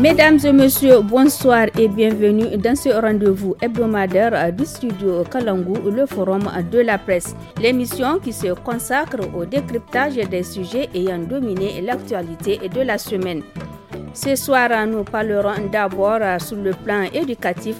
Mesdames et messieurs, bonsoir et bienvenue dans ce rendez-vous hebdomadaire du studio Kalangu, le forum de la presse. L'émission qui se consacre au décryptage des sujets ayant dominé l'actualité de la semaine. Ce soir, nous parlerons d'abord sur le plan éducatif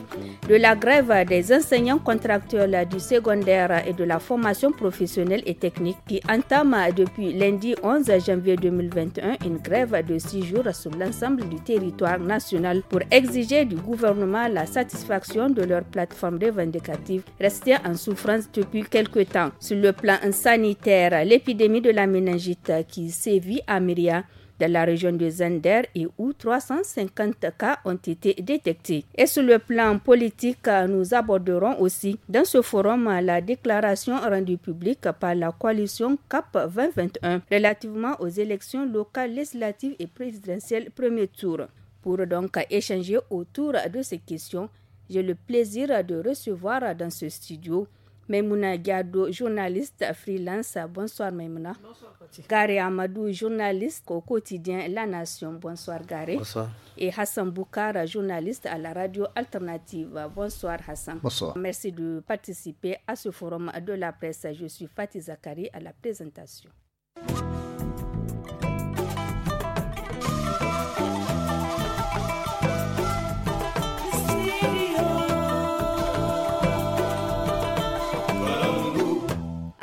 de la grève des enseignants contractuels du secondaire et de la formation professionnelle et technique qui entame depuis lundi 11 janvier 2021 une grève de six jours sur l'ensemble du territoire national pour exiger du gouvernement la satisfaction de leur plateforme revendicative restée en souffrance depuis quelque temps. Sur le plan sanitaire, l'épidémie de la méningite qui sévit à Myria de la région de Zender et où 350 cas ont été détectés. Et sur le plan politique, nous aborderons aussi dans ce forum la déclaration rendue publique par la coalition CAP 2021 relativement aux élections locales, législatives et présidentielles premier tour. Pour donc échanger autour de ces questions, j'ai le plaisir de recevoir dans ce studio Maimouna Gado, journaliste freelance. Bonsoir Maimouna. Bonsoir Gare Amadou, journaliste au quotidien La Nation. Bonsoir Gare. Bonsoir. Et Hassan Boukara, journaliste à la radio alternative. Bonsoir Hassan. Bonsoir. Merci de participer à ce forum de la presse. Je suis Fatih Zakari à la présentation.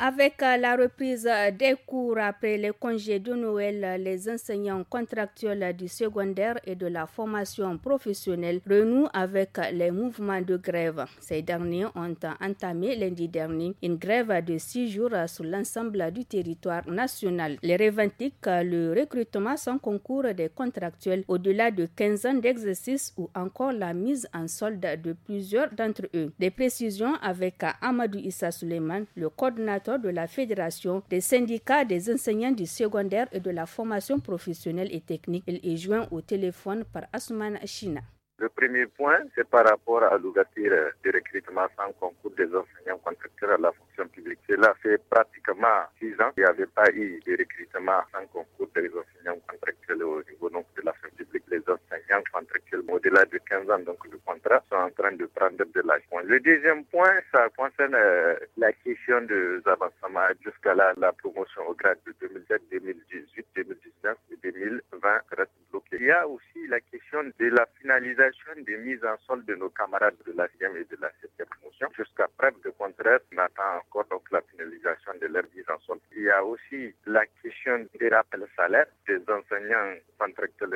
Avec euh, la reprise euh, des cours après les congés de Noël, euh, les enseignants contractuels du secondaire et de la formation professionnelle renouent avec les mouvements de grève. Ces derniers ont entamé lundi dernier une grève de six jours sur l'ensemble du territoire national. Les revendiquent le recrutement sans concours des contractuels au-delà de 15 ans d'exercice ou encore la mise en solde de plusieurs d'entre eux. Des précisions avec Amadou Issa Suleiman, le coordinateur de la Fédération des syndicats des enseignants du secondaire et de la formation professionnelle et technique. Il est joint au téléphone par Asman China. Le premier point, c'est par rapport à l'ouverture du recrutement sans concours des enseignants contractuels à la fonction publique. Cela fait pratiquement six ans qu'il n'y avait pas eu de recrutement sans concours des enseignants contractuels au donc le contrat, sont en train de prendre de l'âge. Le deuxième point, ça concerne euh, la question des avancements jusqu'à la, promotion au grade de 2007, 2018, 2019 et 2020 reste bloquée. Il y a aussi la question de la finalisation des mises en solde de nos camarades de la 6e et de la 7e promotion. Jusqu'à preuve de contraire, on attend encore donc la finalisation de leur mise en solde. Il y a aussi la question des rappels salaires des enseignants contractuels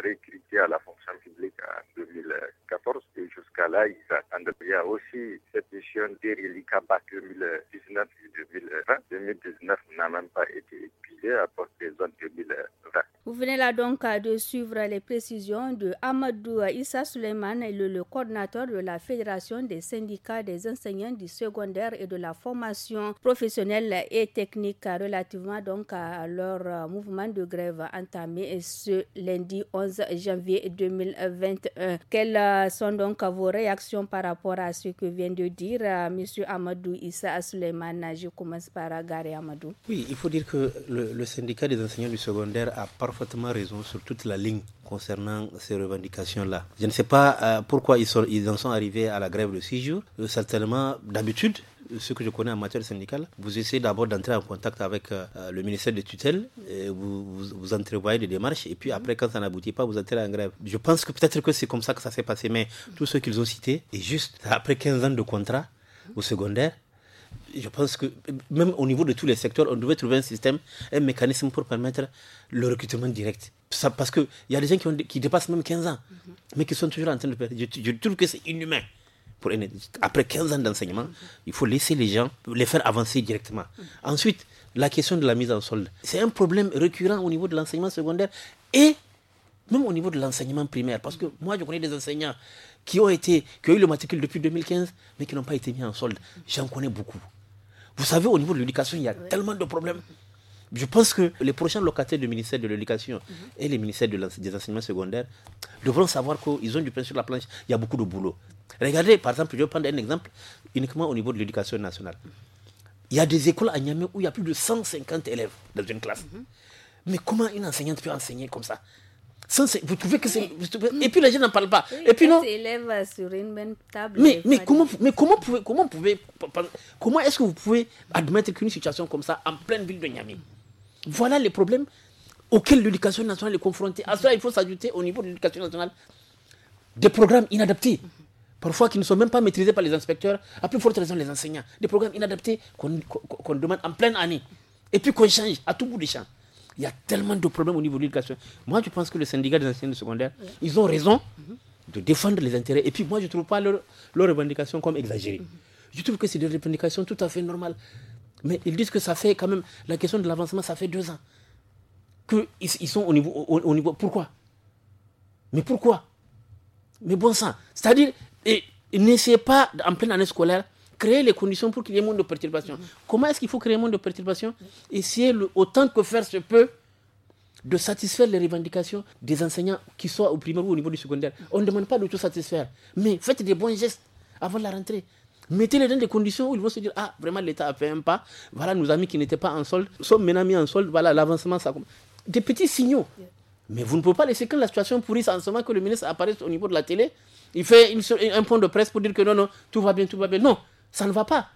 a donc de suivre les précisions de Amadou euh, Issa Suleiman est le, coordonnateur coordinateur de la Fédération des syndicats des enseignants du secondaire et de la formation professionnelle et technique relativement donc à leur euh, mouvement de grève entamé ce lundi 11 janvier 2021. Quelles euh, sont donc vos réactions par rapport à ce que vient de dire M. Amadou Issa Suleiman Je commence par Gary Amadou. Oui, il faut dire que le syndicat des enseignants du secondaire a parfaitement raison sur toute la ligne concernant ces revendications-là. Je ne sais pas euh, pourquoi ils, sont, ils en sont arrivés à la grève de six jours. Euh, certainement, d'habitude, euh, ce que je connais en matière syndicale, vous essayez d'abord d'entrer en contact avec le ministère des tutelle, vous, vous, entrevoyez des démarches, et puis après, quand ça n'aboutit pas, vous entrez en grève. Je pense que peut-être que c'est comme ça que ça s'est passé, mais tous ceux qu'ils ont cités, et juste après 15 ans de contrat au secondaire, je pense que même au niveau de tous les secteurs, on devait trouver un système, un mécanisme pour permettre le recrutement direct. parce qu'il y a des gens qui, dépassent même 15 ans, mhm. mais qui sont toujours en train de perdre. Je, trouve que c'est inhumain. après 15 ans d'enseignement, il faut laisser les gens les faire avancer directement. Mhm. Ensuite, la question de la mise en solde. C'est un problème récurrent au niveau de l'enseignement secondaire et même au niveau de l'enseignement primaire. Parce que moi, je connais des enseignants qui ont, été, qui ont eu le matricule depuis 2015, mais qui n'ont pas été mis en solde. J'en connais beaucoup. Vous savez, au niveau de l'éducation, il y a tellement de problèmes. Je pense que les prochains locataires du ministère de l'Éducation mhm. et les ministères des enseignements secondaires devront savoir qu'ils ont du pain sur la planche. Il y a beaucoup de boulot. Regardez, par exemple, je vais prendre un exemple uniquement au niveau de l'éducation nationale. Il y a des écoles à Niamey où il y a plus de 150 élèves dans une classe. Mhm. Mais comment une enseignante peut enseigner comme ça vous trouvez que c'est. Et puis les gens n'en parlent pas. et puis non. Mais, mais comment, comment pouvez, comment est-ce que vous pouvez admettre qu'une situation comme ça en pleine ville de Niamey Voilà les problèmes auxquels l'éducation nationale est confrontée. À cela, il faut s'ajouter au niveau de l'éducation nationale des programmes inadaptés. Parfois qui ne sont même pas maîtrisés par les inspecteurs, à plus forte raison les enseignants. Des programmes inadaptés qu'on demande en pleine année. Et puis qu'on change à tout bout des champ. Il y a tellement de problèmes au niveau de l'éducation. Moi, je pense que le syndicat des enseignants de secondaire, ils ont raison de défendre les intérêts. Et puis, moi, je ne trouve pas leurs revendications comme exagérées. Je trouve que c'est des revendications tout à fait normales. Mais ils disent que ça fait quand même, la question de l'avancement, ça fait deux ans. Qu'ils sont au niveau, niveau. Pourquoi Mais pourquoi Mais bon sang. C'est-à-dire, n'essayez pas, en pleine année scolaire, créer les conditions pour qu'il y ait moins de perturbations. Comment est-ce qu'il faut créer moins de perturbations Essayer autant que faire se peut de satisfaire les revendications des enseignants, qui soient au primaire ou au niveau du secondaire. On ne demande pas de tout satisfaire, mais faites des bons gestes avant la rentrée. Mettez-les dans des conditions où ils vont se dire Ah, vraiment, l'État a fait un pas. Voilà, nos amis qui n'étaient pas en solde sont maintenant mis en solde. Voilà, l'avancement, ça commence. Des petits signaux. Mais vous ne pouvez pas laisser que la situation pourrisse en ce moment que le ministre apparaisse au niveau de la télé. Il fait un point de presse pour dire que non, non, tout va bien, tout va bien. Non, ça ne va pas.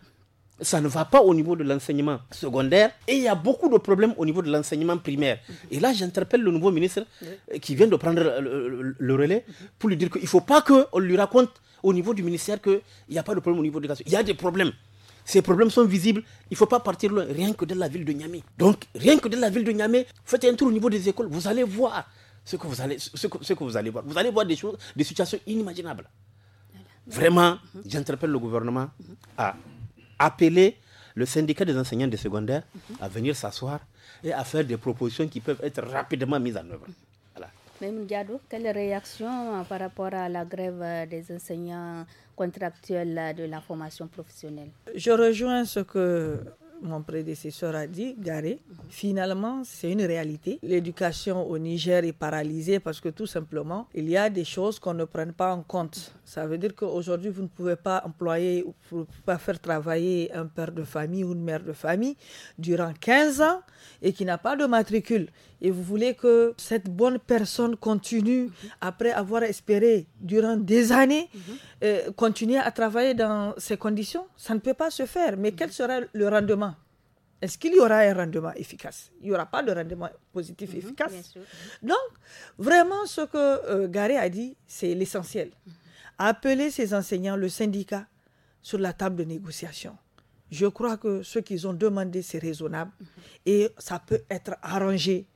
Ça ne va pas au niveau de l'enseignement secondaire et il y a beaucoup de problèmes au niveau de l'enseignement primaire. Et là, j'interpelle le nouveau ministre euh, qui vient de prendre le, relais pour lui dire qu'il ne faut pas qu'on lui raconte au niveau du ministère qu'il n'y a pas de problème au niveau de l'éducation. Il y a des problèmes. Ces problèmes sont visibles. Il ne faut pas partir loin, rien que de la ville de Niamey. Donc, rien que de la ville de Niamey, faites un tour au niveau des écoles. Vous allez voir ce que vous allez, ce que vous allez voir. Vous allez voir des choses, des situations inimaginables. Vraiment, mhm. Mhm. j'interpelle le gouvernement à appeler le syndicat des enseignants de secondaire mhm. à venir s'asseoir et à faire des propositions qui peuvent être rapidement mises en œuvre. Même quelle réaction euh, par rapport à la grève euh, des enseignants contractuels euh, de la formation professionnelle Je rejoins ce que mon prédécesseur a dit, Garé, finalement, c'est une réalité. L'éducation au Niger est paralysée parce que tout simplement, il y a des choses qu'on ne prenne pas en compte. Ça veut dire qu'aujourd'hui, vous ne pouvez pas employer, ou pas faire travailler un père de famille ou une mère de famille durant 15 ans et qui n'a pas de matricule et vous voulez que cette bonne personne continue, mhm. après avoir espéré durant des années, mhm. euh, continuer à travailler dans ces conditions, ça ne peut pas se faire. Mais mhm. quel sera le rendement est-ce qu'il y aura un rendement efficace Il n'y aura pas de rendement positif efficace. Donc, vraiment, ce que euh, Garé a dit, c'est l'essentiel. Appeler ses enseignants, le syndicat, sur la table de négociation. Je crois que ce qu'ils ont demandé, c'est raisonnable et ça peut être arrangé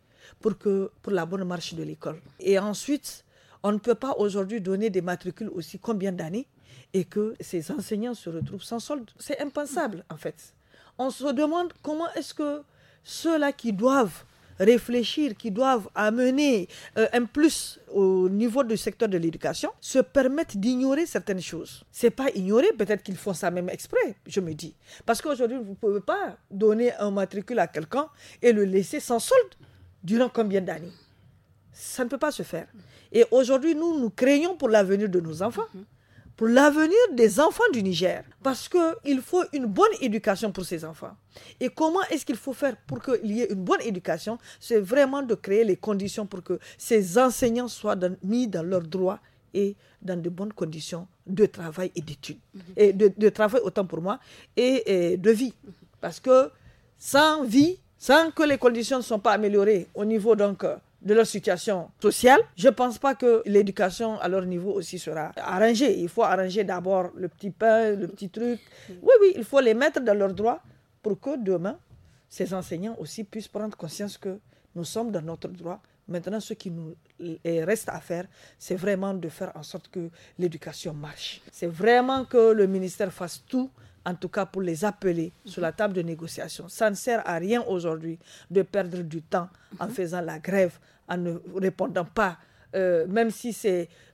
pour, que, pour la bonne marche de l'école. Et ensuite, on ne peut pas aujourd'hui donner des matricules aussi combien d'années et que ces enseignants se retrouvent sans solde. C'est impensable, en fait. On se demande comment est-ce que ceux-là qui doivent réfléchir, qui doivent amener euh, un plus au niveau du secteur de l'éducation, se permettent d'ignorer certaines choses. C'est pas ignorer, peut-être qu'ils font ça même exprès, je me dis. Parce qu'aujourd'hui, vous ne pouvez pas donner un matricule à quelqu'un et le laisser sans solde durant combien d'années Ça ne peut pas se faire. Et aujourd'hui, nous, nous craignons pour l'avenir de nos enfants, pour l'avenir des enfants du Niger, parce qu'il faut une bonne éducation pour ces enfants. Et comment est-ce qu'il faut faire pour qu'il y ait une bonne éducation C'est vraiment de créer les conditions pour que ces enseignants soient mis dans leurs droits et dans de bonnes conditions de travail et d'études. Et de, travail autant pour moi, et de vie. Parce que sans vie, sans que les conditions ne sont pas améliorées au niveau donc euh, de leur situation sociale, je ne pense pas que l'éducation à leur niveau aussi sera arrangée. Il faut arranger d'abord le petit pain, le petit truc. Mm. Oui, oui, il faut les mettre dans leurs droits pour que demain, ces enseignants aussi puissent prendre conscience que nous sommes dans notre droit. Maintenant, ce qui nous reste à faire, c'est vraiment de faire en sorte que l'éducation marche. C'est vraiment que le ministère fasse tout en tout cas pour les appeler sur la table de négociation. Ça ne sert à rien aujourd'hui de perdre du temps en mhm. faisant la grève, en ne répondant pas, euh, même si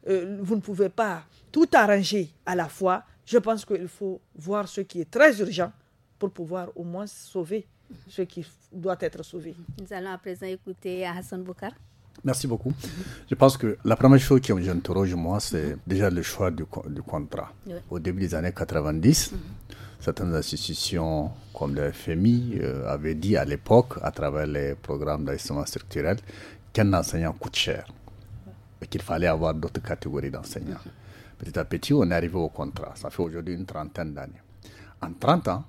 euh, vous ne pouvez pas tout arranger à la fois. Je pense qu'il faut voir ce qui est très urgent pour pouvoir au moins sauver ce qui doit être sauvé. Nous allons à présent écouter Hassan Boukar. Merci beaucoup. Je pense que la première chose qui j'interroge, moi, c'est déjà le choix du, contrat. Au début des années 90, mhm. certaines institutions comme le FMI euh, avaient dit à l'époque, à travers les programmes d'investissement structurel, qu'un enseignant coûte cher et qu'il fallait avoir d'autres catégories d'enseignants. Mhm. Petit à petit, on est arrivé au contrat. Ça fait aujourd'hui une trentaine d'années. En 30 ans,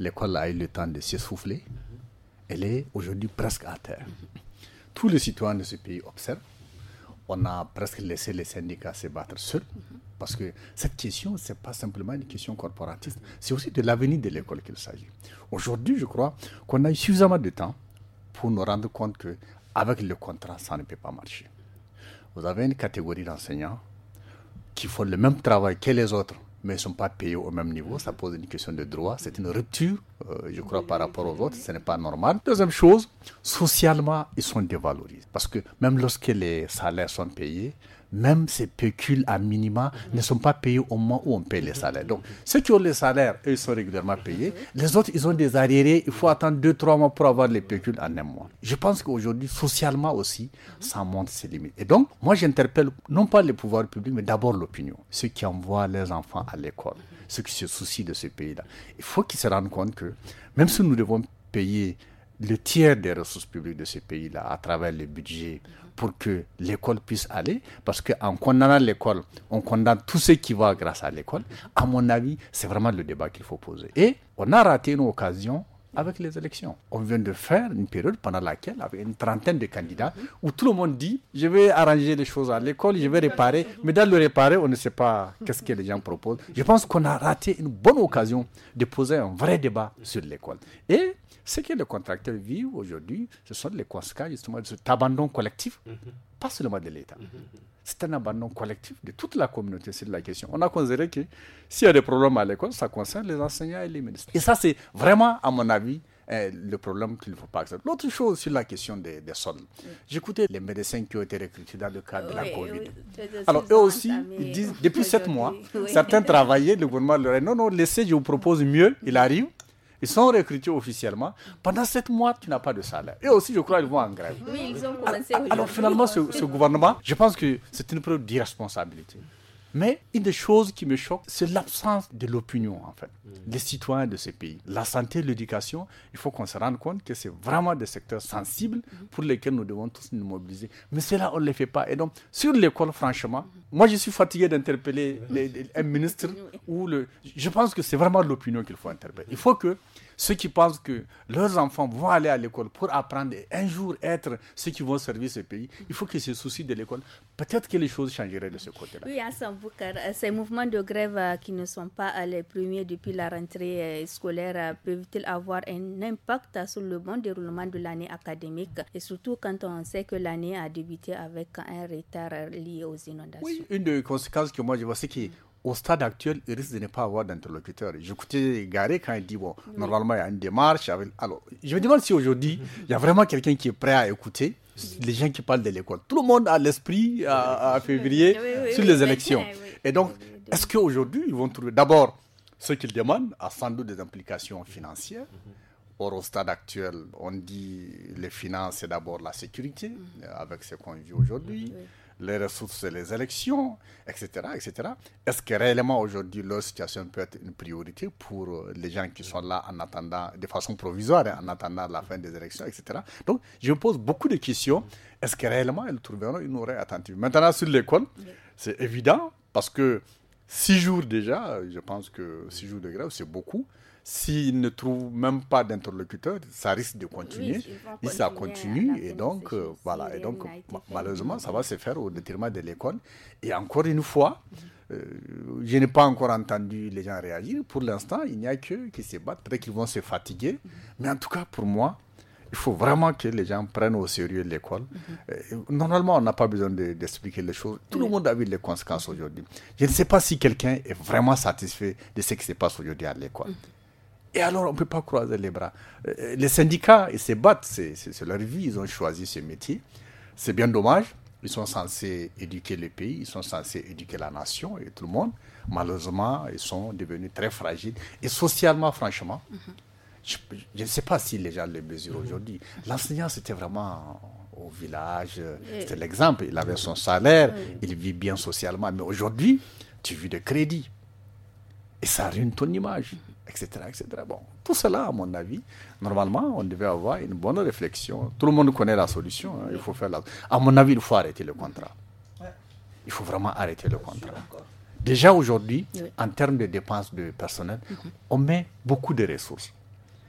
l'école a eu le temps de s'essouffler. Mhm. Elle est aujourd'hui presque à terre tous les citoyens de ce pays observent. On a presque laissé les syndicats se battre seuls. Parce que cette question, ce n'est pas simplement une question corporatiste, c'est aussi de l'avenir de l'école qu'il s'agit. Aujourd'hui, je crois qu'on a eu suffisamment de temps pour nous rendre compte qu'avec le contrat, ça ne peut pas marcher. Vous avez une catégorie d'enseignants qui font le même travail que les autres mais ne sont pas payés au même niveau. Ça pose une question de droit. C'est une rupture, euh, je crois, par rapport aux autres. Ce n'est pas normal. Deuxième chose, socialement, ils sont dévalorisés. Parce que même lorsque les salaires sont payés, même ces pécules à minima ne sont pas payés au moment où on paye les salaires. Donc, ceux qui ont les salaires, ils sont régulièrement payés. Les autres, ils ont des arriérés. Il faut attendre deux, trois mois pour avoir les pécules en un mois. Je pense qu'aujourd'hui, socialement aussi, ça monte ses limites. Et donc, moi, j'interpelle non pas les pouvoirs publics, mais d'abord l'opinion. Ceux qui envoient leurs enfants à l'école, ceux qui se soucient de ce pays-là. Il faut qu'ils se rendent compte que même si nous devons payer le tiers des ressources publiques de ce pays-là à travers les budgets pour que l'école puisse aller, parce qu'en condamnant l'école, on condamne tout ce qui va grâce à l'école. À mon avis, c'est vraiment le débat qu'il faut poser. Et on a raté une occasion avec les élections. On vient de faire une période pendant laquelle, avec une trentaine de candidats, où tout le monde dit je vais arranger les choses à l'école, je vais réparer. Mais dans le réparer, on ne sait pas qu'est-ce que les gens proposent. Je pense qu'on a raté une bonne occasion de poser un vrai débat sur l'école. Et ce que les contracteurs vivent aujourd'hui, ce sont les conséquences justement de cet abandon collectif mhm pas seulement de l'État. Mhm, mhm. C'est un abandon collectif de toute la communauté sur la question. On a considéré que s'il y a des problèmes à l'école, ça concerne les enseignants et les ministres. Et ça, c'est vraiment, à mon avis, euh, le problème qu'il ne faut pas accepter. L'autre chose sur la question des, sommes. J'écoutais les médecins qui ont été recrutés dans le cadre de la COVID. Alors eux aussi, ils disent, depuis sept mois, certains travaillaient, le gouvernement leur a dit, non, non, laissez, je vous propose mieux, il arrive. Ils sont recrutés officiellement. Pendant sept mois, tu n'as pas de salaire. Et aussi, je crois, ils vont en grève. Oui, ils ont commencé. Alors, alors finalement, ce gouvernement, je pense que c'est une preuve d'irresponsabilité. Mais une des choses qui me choque, c'est l'absence de l'opinion, en fait. Mm. des Les citoyens de ces pays. La santé, l'éducation, il faut qu'on se rende compte que c'est vraiment des secteurs sensibles mm-hmm. pour lesquels nous devons tous nous mobiliser. Mais cela, on ne le fait pas. Et donc, sur l'école, franchement, mm-hmm. moi, je suis fatigué d'interpeller un ministre ou le. Je pense que c'est vraiment l'opinion qu'il faut interpeller. Il faut que ceux qui pensent que leurs enfants vont aller à l'école pour apprendre et un jour être ceux qui vont servir ce pays, il faut que se soucient de l'école. Peut-être que les choses changeraient de ce côté-là. Oui, Hassan Boukar, euh, ces mouvements de grève euh, qui ne sont pas euh, les premiers depuis la rentrée scolaire peuvent-ils avoir un impact sur le bon déroulement de l'année académique et surtout quand on sait que l'année a débuté avec un retard lié aux inondations Oui, une des conséquences que moi je vois, c'est que au stade actuel, il risque de ne pas avoir d'interlocuteur. J'écoutais Garé quand il dit, bon, normalement, il y a une démarche. Alors, je me demande si aujourd'hui, il y a vraiment quelqu'un qui est prêt à écouter les gens qui parlent de l'école. Tout le monde a l'esprit à, février sur les élections. Et donc, est-ce qu'aujourd'hui, ils vont trouver... D'abord, ce qu'ils demandent a sans doute des implications financières. Or, au stade actuel, on dit les finances, c'est d'abord la sécurité, mm. avec ce qu'on vit aujourd'hui les ressources et les élections, etc. etc. Est-ce que réellement aujourd'hui leur situation peut être une priorité pour euh, les gens qui sont là en attendant, de façon provisoire, hein, en attendant la fin des élections, etc. Donc je me pose beaucoup de questions. Est-ce que réellement ils trouveront une oreille attentive Maintenant sur l'école, c'est évident parce que six jours déjà, je pense que six jours de grève, c'est beaucoup. S'ils ne trouvent même pas d'interlocuteur, ça risque de continuer. et ça continue, euh, et donc, voilà. Et donc, malheureusement, ça va se faire au détriment de l'école. Et encore une fois, euh, je n'ai pas encore entendu les gens réagir. Pour l'instant, il n'y a que qui se battent, peut-être qu'ils vont se fatiguer. Mm-hmm. Mais en tout cas, pour moi, il faut vraiment que les gens prennent au sérieux l'école. Euh, normalement, on n'a pas besoin d'expliquer les choses. Tout le monde a vu les conséquences aujourd'hui. Je ne sais pas si quelqu'un est vraiment satisfait de ce qui se passe aujourd'hui à l'école. Et alors, on ne peut pas croiser les bras. Euh, euh, les syndicats, ils se battent, c'est leur vie, ils ont choisi ce métier. C'est bien dommage. Ils sont censés éduquer le pays, ils sont censés éduquer la nation et tout le monde. Malheureusement, ils sont devenus très fragiles. Et socialement, franchement, mhm je ne sais pas si les gens le mesurent mhm. aujourd'hui. L'enseignant, c'était vraiment au village, euh, c'était l'exemple. Il avait son salaire, il vit bien socialement. Mais aujourd'hui, tu vis de crédit. Et ça ruine ton image, etc., etc. Bon, tout cela, à mon avis, normalement, on devait avoir une bonne réflexion. Tout le monde connaît la solution. Hein. Il faut faire À mon avis, il faut arrêter le contrat. Il faut vraiment arrêter le contrat. Déjà aujourd'hui, en termes de dépenses de personnel, mhm. on met beaucoup de ressources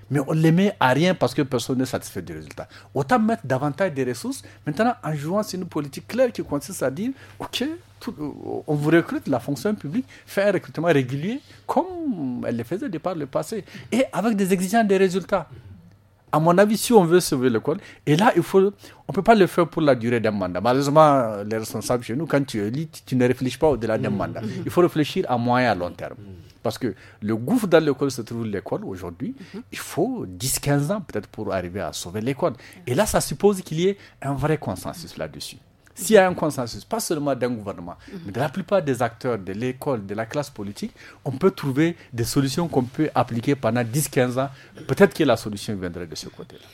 mais on les met à rien parce que personne n'est satisfait du résultat. Autant mettre davantage de ressources, maintenant en jouant sur une politique claire qui consiste à dire, OK, euh, on vous recrute la fonction publique, faire un recrutement régulier comme elle le faisait départ le passé, et avec des exigences de résultats à mon avis, si on veut sauver l'école, et là, il faut, on ne peut pas le faire pour la durée d'un mandat. Malheureusement, les responsables chez nous, quand tu lis, tu, ne réfléchis pas au-delà d'un mmh. mandat. Mmh. Il faut réfléchir à moyen et à long terme. Mmh. Parce que le gouffre dans l'école se trouve l'école aujourd'hui, il faut 10-15 ans peut-être pour arriver à sauver l'école. Et là, ça suppose qu'il y ait un vrai consensus là-dessus. S'il y a un consensus, pas seulement d'un gouvernement, mais de la plupart des acteurs de l'école, de la classe politique, on peut trouver des solutions qu'on peut appliquer pendant 10-15 ans. Peut-être que la solution viendrait de ce côté-là.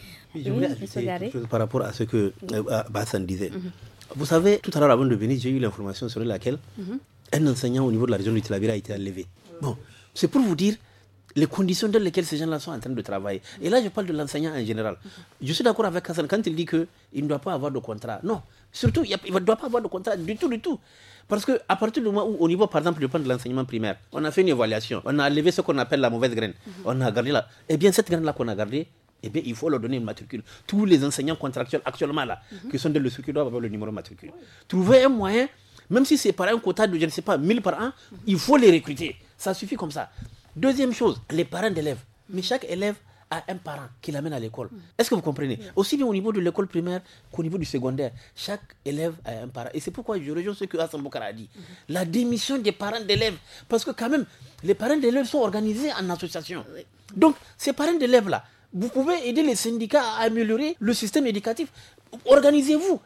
je voulais ajouter quelque chose par rapport à ce que euh, Bassan disait. Mhm. Vous savez, tout à l'heure, avant de venir, j'ai eu l'information sur laquelle mhm. un enseignant au niveau de la région du Tel a été enlevé. Bon, c'est pour vous dire les conditions dans lesquelles ces gens-là sont en train de travailler. Et là, je parle de l'enseignant en général. Mhm. Je suis d'accord avec Hassan quand il dit qu'il ne doit pas avoir de contrat. Non, Surtout, il ne doit pas avoir de contrat du tout, du tout. Parce qu'à partir du moment où, au niveau, par exemple, du point de l'enseignement primaire, on a fait une évaluation, on a enlevé ce qu'on appelle la mauvaise graine, mhm. on a gardé là. Eh bien, cette graine-là qu'on a gardée, eh bien, il faut leur donner une matricule. Tous les enseignants contractuels actuellement là, mhm. qui sont de le qui doivent avoir le numéro de matricule. Trouver un moyen, même si c'est par un quota de, je ne sais pas, 1000 par an, mhm. il faut les recruter. Ça suffit comme ça. Deuxième chose, les parents d'élèves. Mais chaque élève à un parent qui l'amène à l'école. Est-ce que vous comprenez Aussi bien au niveau de l'école primaire qu'au niveau du secondaire, chaque élève a un parent. Et c'est pourquoi je rejoins ce que Hassan Boukara a dit. Mhm. La démission des parents d'élèves. Parce que quand même, les parents d'élèves sont organisés en association. Donc, ces parents d'élèves-là, vous pouvez aider les syndicats à améliorer le système éducatif. Organisez-vous,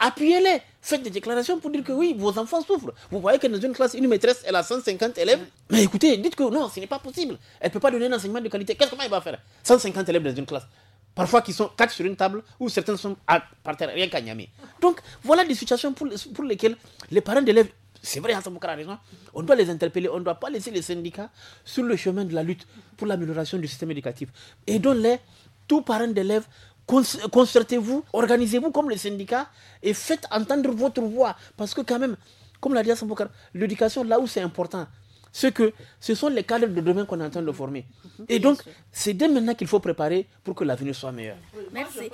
appuyez-les faites des déclarations pour dire que oui, vos enfants souffrent. Vous voyez que dans une classe, une maîtresse, elle a 150 élèves. Mais écoutez, dites que non, ce n'est pas possible. Elle ne peut pas donner un enseignement de qualité. Qu'est-ce que qu'elle va faire 150 élèves dans une classe. Parfois, qui sont quatre sur une table ou certains sont à, par terre, rien qu'à Niamey. Donc, voilà des situations pour, lesquelles les parents d'élèves c'est vrai, on ne raison. On doit les interpeller, on ne doit pas laisser les syndicats sur le chemin de la lutte pour l'amélioration du système éducatif. Et donne-les, tous parent d'élèves concertez-vous, organisez-vous comme les syndicats et faites entendre votre voix. Parce que quand même, comme l'a dit Asambokar, l'éducation, là où c'est important, ce que ce sont les cadres de demain qu'on est en train de former. Mhm. Et donc, c'est dès maintenant qu'il faut préparer pour que l'avenir soit meilleur. Merci.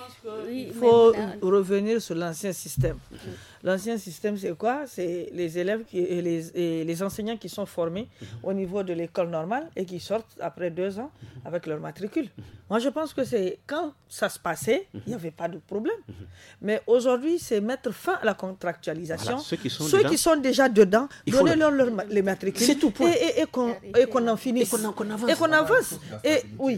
Il faut revenir sur l'ancien système. L'ancien système, c'est quoi C'est les élèves qui, et, les, enseignants qui sont formés au niveau de l'école normale et qui sortent après deux ans avec leur matricule. Moi, je pense que c'est quand ça se passait, il n'y avait pas de problème. Mais aujourd'hui, c'est mettre fin à la contractualisation. ceux, qui sont, déjà dedans, donnez-leur les matricules. C'est tout. Et, et, qu'on en finisse. Et qu'on avance. Et qu'on avance. oui,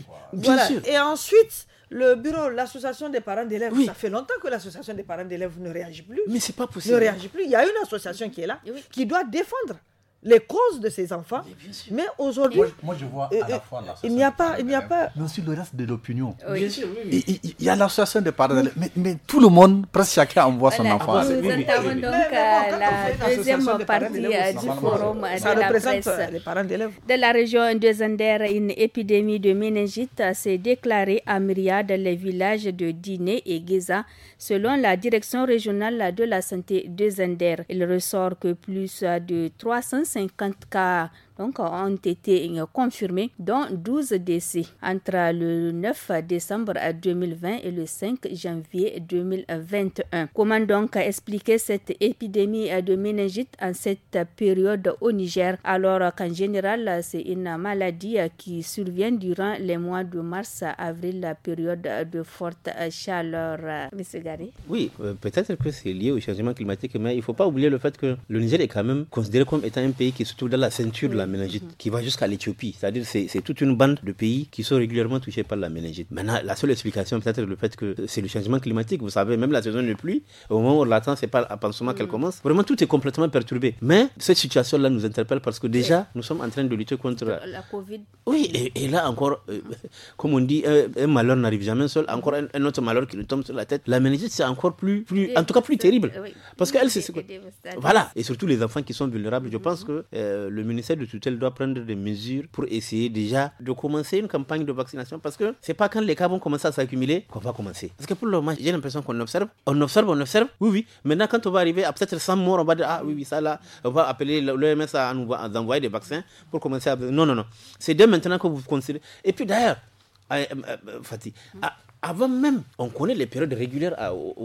et ensuite, le bureau, l'association des parents d'élèves, ça fait longtemps que l'association des parents d'élèves ne réagit plus. Mais c'est pas possible. réagit plus. Il y a une association qui est là, qui doit défendre les causes de ces enfants. Mais aujourd'hui, moi, je vois à la fois il n'y a pas, il n'y a pas, mais aussi le reste de l'opinion. Bien sûr, oui, Il, y a l'association des parents, mais, tout le monde, presque chacun envoie son enfant. Nous entendons donc euh, la deuxième partie euh, du forum de la presse. Euh, les parents d'élèves. De la région de une épidémie de méningite s'est déclarée à myriade les villages de Diné et Geza, selon la direction régionale de la santé de Zender. Il ressort que plus de 300 sem cantar donc, ont été confirmés, dont 12 décès entre le 9 décembre 2020 et le 5 janvier 2021. Comment donc expliquer cette épidémie de méningite en cette période au Niger, alors qu'en général, c'est une maladie qui survient durant les mois de mars à avril, la période de forte chaleur. Monsieur Gary Oui, euh, peut-être que c'est lié au changement climatique, mais il ne faut pas oublier le fait que le Niger est quand même considéré comme étant un pays qui se trouve dans la ceinture de la la qui va jusqu'à l'Éthiopie. C'est-à-dire c'est toute une bande de pays qui sont régulièrement touchés par la méningite. Maintenant, la seule explication peut-être le fait que c'est le changement climatique. Vous savez, même la saison de pluie, au moment où on l'attend, c'est pas à moment qu'elle mm. commence. Vraiment, tout est complètement perturbé. Mais cette situation-là nous interpelle parce que déjà, nous sommes en train de lutter contre la, Covid. Oui, et, là encore, euh, comme on dit, un, malheur n'arrive jamais seul. Encore un, autre malheur qui nous tombe sur la tête. La méningite, c'est encore plus, plus, en tout cas plus terrible, parce qu'elle, c'est voilà. Et surtout les enfants qui sont vulnérables. Je pense que euh, le ministère de elle doit prendre des mesures pour essayer déjà de commencer une campagne de vaccination parce que c'est pas quand les cas vont commencer à s'accumuler qu'on va commencer. Parce que pour le moment, j'ai l'impression qu'on observe, on observe, on observe. Oui, oui. Maintenant, quand on va arriver à peut-être 100 morts, on va dire, ah oui, oui, ça là, on va appeler l'OMS à nous envoyer des vaccins pour commencer à. Non, non, non. C'est dès maintenant que vous considérez. Et puis d'ailleurs, euh, euh, euh, Fatih, ah, avant même, on connaît les périodes régulières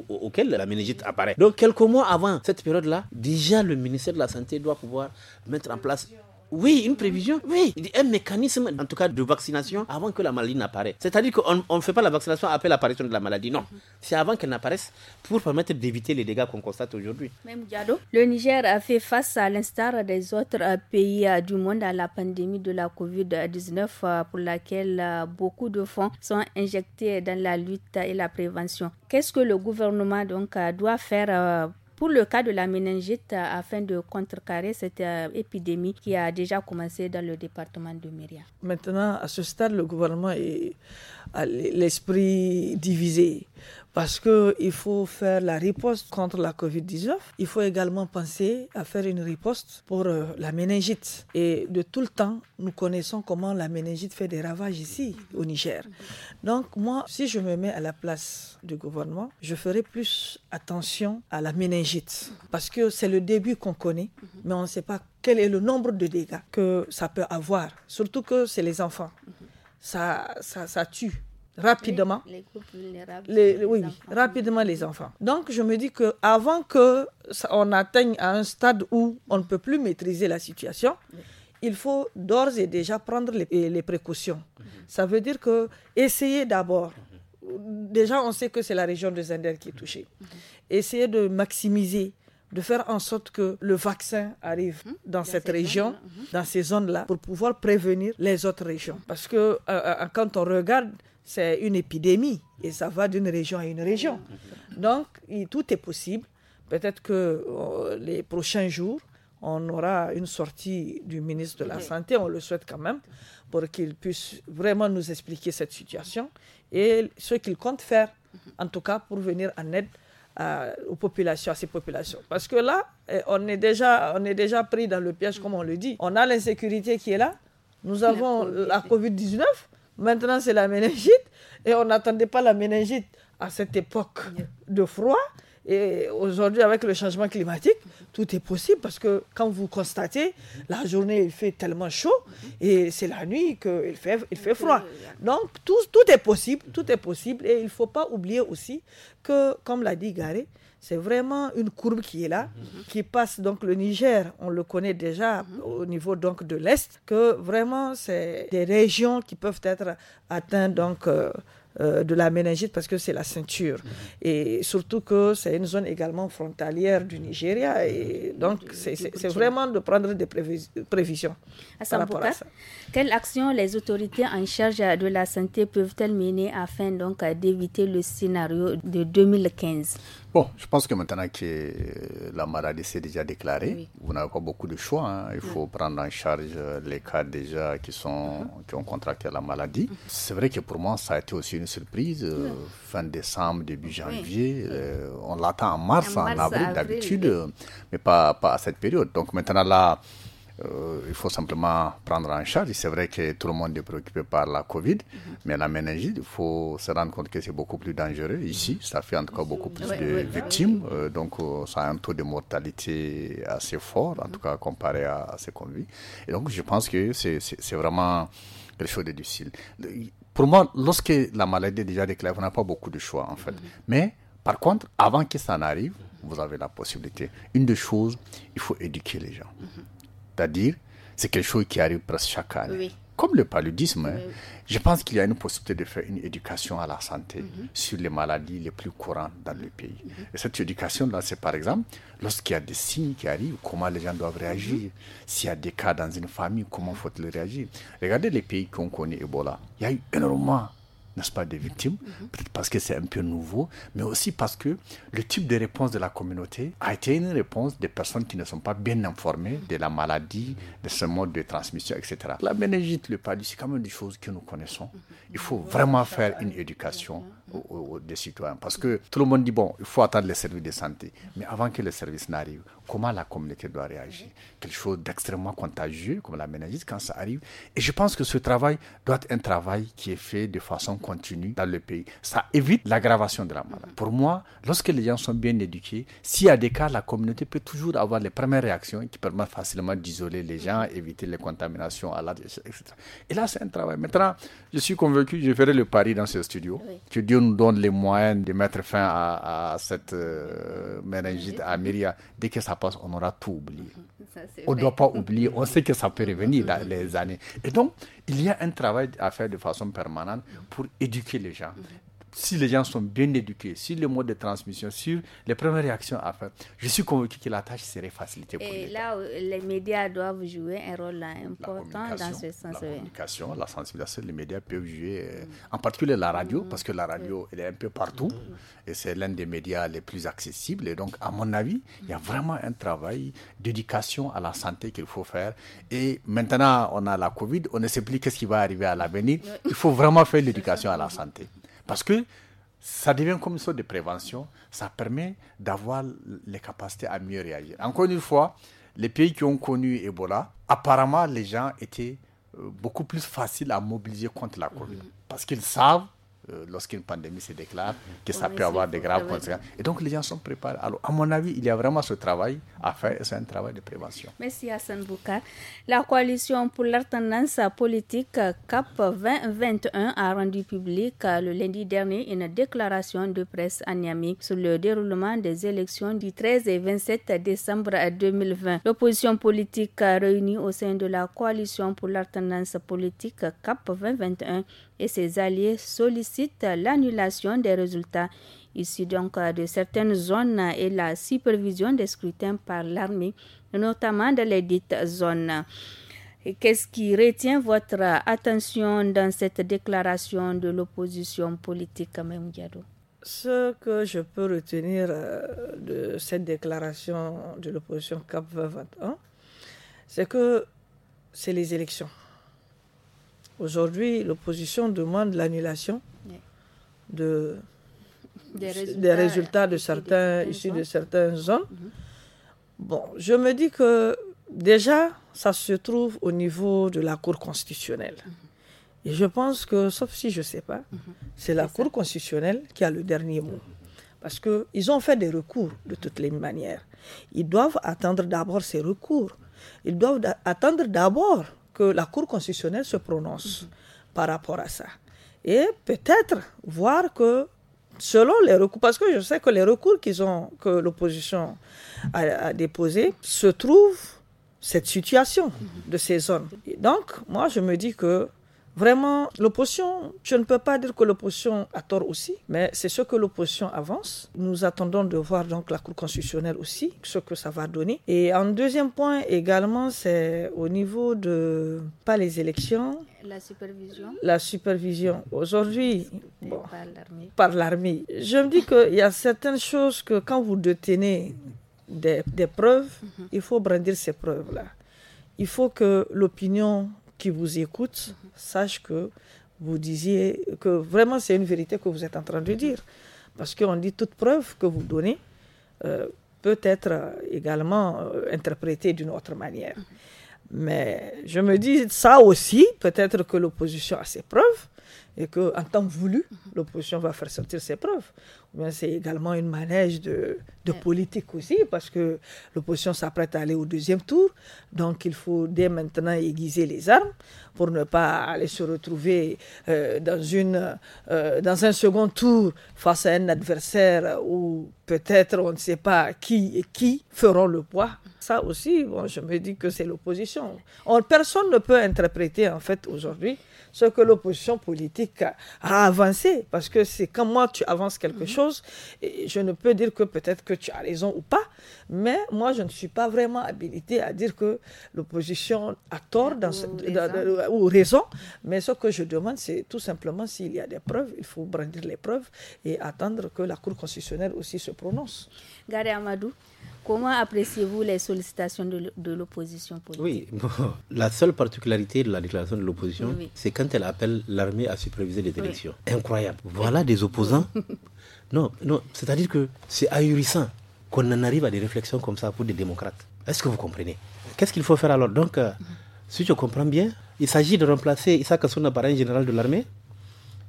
auxquelles la méningite apparaît. Donc, quelques mois avant cette période-là, déjà le ministère de la Santé doit pouvoir mettre en place oui, une prévision. Oui, un mécanisme, en tout cas, de vaccination avant que la maladie n'apparaisse. C'est-à-dire qu'on ne fait pas la vaccination après l'apparition de la maladie. Non, mhm. c'est avant qu'elle n'apparaisse pour permettre d'éviter les dégâts qu'on constate aujourd'hui. Même Diado le Niger a fait face, à l'instar des autres euh, pays euh, du monde, à la pandémie de la COVID-19 euh, pour laquelle beaucoup de fonds sont injectés dans la lutte et la prévention. Qu'est-ce que le gouvernement donc doit faire pour le cas de la méningite, afin de contrecarrer cette euh, épidémie qui a déjà commencé dans le département de Myria. Maintenant, à ce stade, le gouvernement est l'esprit divisé. Parce qu'il faut faire la riposte contre la COVID-19. Il faut également penser à faire une riposte pour euh, la méningite. Et de tout le temps, nous connaissons comment la méningite fait des ravages ici, au Niger. Donc moi, si je me mets à la place du gouvernement, je ferai plus attention à la méningite. Parce que c'est le début qu'on connaît, mais on ne sait pas quel est le nombre de dégâts que ça peut avoir. Surtout que c'est les enfants. Ça, ça, ça tue rapidement les, groupes vulnérables oui rapidement les enfants donc je me dis que avant que on atteigne à un stade où on ne peut plus maîtriser la situation il faut d'ores et déjà prendre les, précautions mhm. ça veut dire que essayer d'abord déjà on sait que c'est la région de Zender qui est touchée mhm. essayer de maximiser de faire en sorte que le vaccin arrive mhm. dans cette région, dans ces zones-là, pour pouvoir prévenir les autres régions. Parce que euh, euh, quand on regarde c'est une épidémie et ça va d'une région à une région. Donc, tout est possible. Peut-être que euh, les prochains jours, on aura une sortie du ministre de la Santé, on le souhaite quand même, pour qu'il puisse vraiment nous expliquer cette situation et ce qu'il compte faire, en tout cas pour venir en aide à, aux populations, à ces populations. Parce que là, eh, on est, déjà, on est déjà pris dans le piège, comme on le dit. On a l'insécurité qui est là, nous avons la COVID-19, Maintenant, c'est la méningite. Et on n'attendait pas la méningite à cette époque de froid. Et aujourd'hui, avec le changement climatique, tout est possible parce que quand vous constatez, la journée, il fait tellement chaud mm-hmm. et c'est la nuit qu'il fait, il fait froid. Donc, tout, tout est possible, tout est possible. Et il ne faut pas oublier aussi que, comme l'a dit Garé, c'est vraiment une courbe qui est là, mhm. qui passe donc le Niger, on le connaît déjà mhm. au niveau donc de l'Est, que vraiment c'est des régions qui peuvent être atteintes donc euh, euh, de la méningite parce que c'est la ceinture. Mhm. Et surtout que c'est une zone également frontalière du Nigeria. Et donc, c'est vraiment de prendre des prévisions. par Quelles actions les autorités en charge de la santé peuvent-elles mener afin donc d'éviter le scénario de 2015 Bon, je pense que maintenant que la maladie s'est déjà déclarée, vous n'avez pas beaucoup de choix. Hein. Il faut prendre en charge les cas déjà qui, sont, uh-huh. qui ont contracté la maladie. Uh-huh. C'est vrai que pour moi, ça a été aussi une surprise. Euh, fin décembre, début janvier, euh, on l'attend en mars, en, avril, d'habitude, mais pas, pas à cette période. Donc maintenant là, euh, il faut simplement prendre en charge. C'est vrai que tout le monde est préoccupé par la Covid, mhm. mais la méningite, il faut se rendre compte que c'est beaucoup plus dangereux ici. Ça fait en tout cas beaucoup plus de victimes, euh, donc euh, ça a un taux de mortalité assez fort, en tout cas comparé à, ces ce qu'on vit. Et donc je pense que c'est vraiment quelque chose de difficile. Pour moi, lorsque la maladie est déjà déclarée, on n'a pas beaucoup de choix en fait. Mhm. Mais par contre, avant que ça n'arrive, vous avez la possibilité. Une des choses, il faut éduquer les gens. Mhm. C'est-à-dire, c'est quelque chose qui arrive presque chaque année. Comme le paludisme, hein. je pense qu'il y a une possibilité de faire une éducation à la santé mhm. sur les maladies les plus courantes dans le pays. Mhm. Et cette éducation-là, c'est par exemple, lorsqu'il y a des signes qui arrivent, comment les gens doivent réagir. Mhm. S'il y a des cas dans une famille, comment faut-il réagir Regardez les pays qu'on connaît Ebola. Il y a eu énormément n'est-ce pas, des victimes, mhm. peut-être parce que c'est un peu nouveau, mais aussi parce que le type de réponse de la communauté a été une réponse des personnes qui ne sont pas bien informées de la maladie, de ce mode de transmission, etc. La méningite, le pas c'est quand même des choses que nous connaissons. Mhm. Il faut vraiment faire une éducation des citoyens. Parce que tout le monde dit, bon, il faut attendre les services de santé. Mais avant que les services n'arrivent, comment la communauté doit réagir Quelque chose d'extrêmement contagieux, comme la ménagiste, quand ça arrive. Et je pense que ce travail doit être un travail qui est fait de façon continue dans le pays. Ça évite l'aggravation de la maladie. Pour moi, lorsque les gens sont bien éduqués, s'il y a des cas, la communauté peut toujours avoir les premières réactions qui permettent facilement d'isoler les gens, éviter les contaminations à etc. Et là, c'est un travail. Maintenant, je suis convaincu, je ferai le pari dans ce studio, que Dieu nous donne les moyens de mettre fin à, cette euh, méningite à Myria, dès que ça passe, on aura tout oublié. on ne doit pas oublier, on sait que ça peut revenir dans les années. Et donc, il y a un travail à faire de façon permanente pour éduquer les gens, mhm si les gens sont bien éduqués sur le mode de transmission, sur les premières réactions à faire, je suis convaincu que la tâche serait facilitée pour Et là, les médias doivent jouer un rôle important dans ce sens. La communication, la sensibilisation, les médias peuvent jouer, euh, en particulier la radio, mm-hmm. parce que la radio, elle est un peu partout, mm-hmm. et c'est l'un des médias les plus accessibles. Et donc, à mon avis, il y a vraiment un travail d'éducation à la santé qu'il faut faire. Et maintenant, on a la COVID, on ne sait plus qu'est-ce qui va arriver à l'avenir. Il faut vraiment faire l'éducation à la santé. Parce que ça devient comme une sorte de prévention, ça permet d'avoir les capacités à mieux réagir. Encore une fois, les pays qui ont connu Ebola, apparemment les gens étaient euh, beaucoup plus faciles à mobiliser contre la COVID. Parce qu'ils savent euh, lorsqu'une pandémie se déclare, que ça peut avoir des graves conséquences. Et donc les gens sont préparés. Alors, à mon avis, il y a vraiment ce travail à faire c'est un travail de prévention. Merci Hassan Boukar. La coalition pour l'alternance politique CAP 2021 a rendu public euh, le lundi dernier une déclaration de presse à Niamey sur le déroulement des élections du 13 et 27 décembre 2020. L'opposition politique euh, réunie au sein de la coalition pour l'alternance politique CAP 2021 et ses alliés sollicitent cite, l'annulation des résultats issus donc de certaines zones et la supervision des scrutins par l'armée, notamment dans les dites zones. Qu'est-ce qui retient votre attention dans cette déclaration de l'opposition politique, Mme Ce que je peux retenir euh, de cette déclaration de l'opposition CAP 21, c'est que c'est les élections. Aujourd'hui, l'opposition demande l'annulation des résultats, de certains, issus de certaines zones. Mhm. Bon, je me dis que déjà, ça se trouve au niveau de la Cour constitutionnelle. Mhm. Et je pense que, sauf si je ne sais pas, mhm. c'est la Cour constitutionnelle qui a le dernier mot. Parce qu'ils ont fait des recours de toutes les manières. Ils doivent attendre d'abord ces recours. Ils doivent attendre d'abord que la Cour constitutionnelle se prononce par rapport à ça. Et peut-être voir que selon les recours, parce que je sais que les recours qu'ils ont, que l'opposition a, déposé déposés, se trouve cette situation de ces zones. donc, moi, je me dis que Vraiment, l'opposition, je ne peux pas dire que l'opposition a tort aussi, mais c'est ce que l'opposition avance. Nous attendons de voir donc la Cour constitutionnelle aussi, ce que ça va donner. Et en deuxième point également, c'est au niveau de, pas les élections, la supervision La supervision. Aujourd'hui, par l'armée. Je me dis qu'il y a certaines choses que quand vous détenez des, preuves, mhm. il faut brandir ces preuves-là. Il faut que l'opinion qui vous écoutent sache que vous disiez que vraiment c'est une vérité que vous êtes en train de dire. Parce qu'on dit toute preuve que vous donnez euh, peut être également euh, interprétée d'une autre manière. Mais je me dis ça aussi, peut-être que l'opposition a ses preuves et qu'en temps voulu, l'opposition va faire sortir ses preuves c'est également une manège de, politique aussi, parce que l'opposition s'apprête à aller au deuxième tour. Donc il faut dès maintenant aiguiser les armes pour ne pas aller se retrouver euh, dans, une, euh, dans un second tour face à un adversaire où peut-être on ne sait pas qui et qui feront le poids. Ça aussi, bon, je me dis que c'est l'opposition. Personne ne peut interpréter en fait aujourd'hui ce que l'opposition politique a avancé, parce que c'est quand moi tu avances quelque mhm. chose, et je ne peux dire que peut-être que tu as raison ou pas, mais moi, je ne suis pas vraiment habilité à dire que l'opposition a tort dans ou, raison. Mais ce que je demande, c'est tout simplement s'il y a des preuves, il faut brandir les preuves et attendre que la Cour constitutionnelle aussi se prononce. Gare Amadou. Comment appréciez-vous les sollicitations de l'opposition politique Oui, la seule particularité de la déclaration de l'opposition, c'est quand elle appelle l'armée à superviser les élections. Incroyable. Voilà des opposants Non, non c'est-à-dire que c'est ahurissant qu'on en arrive à des réflexions comme ça pour des démocrates. Est-ce que vous comprenez Qu'est-ce qu'il faut faire alors Donc, euh, si je comprends bien, il s'agit de remplacer Issa Kassouna par un général de l'armée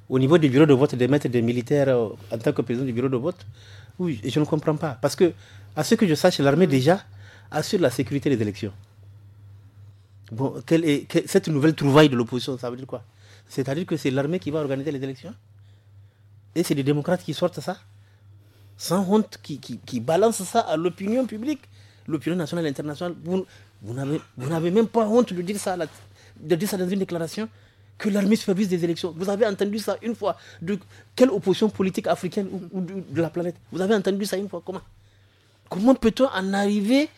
au niveau du bureau de vote, de maîtres des militaires euh, en tant que président du bureau de vote. Oui, je ne comprends pas. Parce que, à ce que je sache, l'armée déjà assure la sécurité des élections. Bon, quelle est, cette nouvelle trouvaille de l'opposition, ça veut dire quoi C'est-à-dire que c'est l'armée qui va organiser les élections et c'est des démocrates qui sortent ça, sans honte, qui, qui, qui balancent ça à l'opinion publique, l'opinion nationale et internationale. Vous, vous n'avez même pas honte de dire ça, de dire ça dans une déclaration que l'armée supervise des élections. Vous avez entendu ça une fois de quelle opposition politique africaine ou, de, la planète Vous avez entendu ça une fois Comment Comment peut-on en arriver